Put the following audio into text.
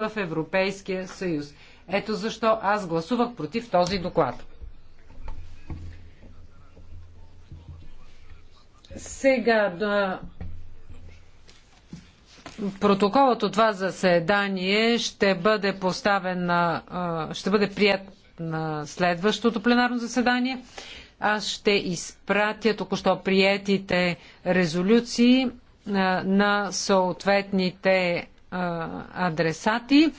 в Европейския съюз. Ето защо аз гласувах против този доклад. Сега да... Протоколът от това заседание ще бъде поставен на... ще бъде прият на следващото пленарно заседание. Аз ще изпратя току-що приетите резолюции на съответните адресати.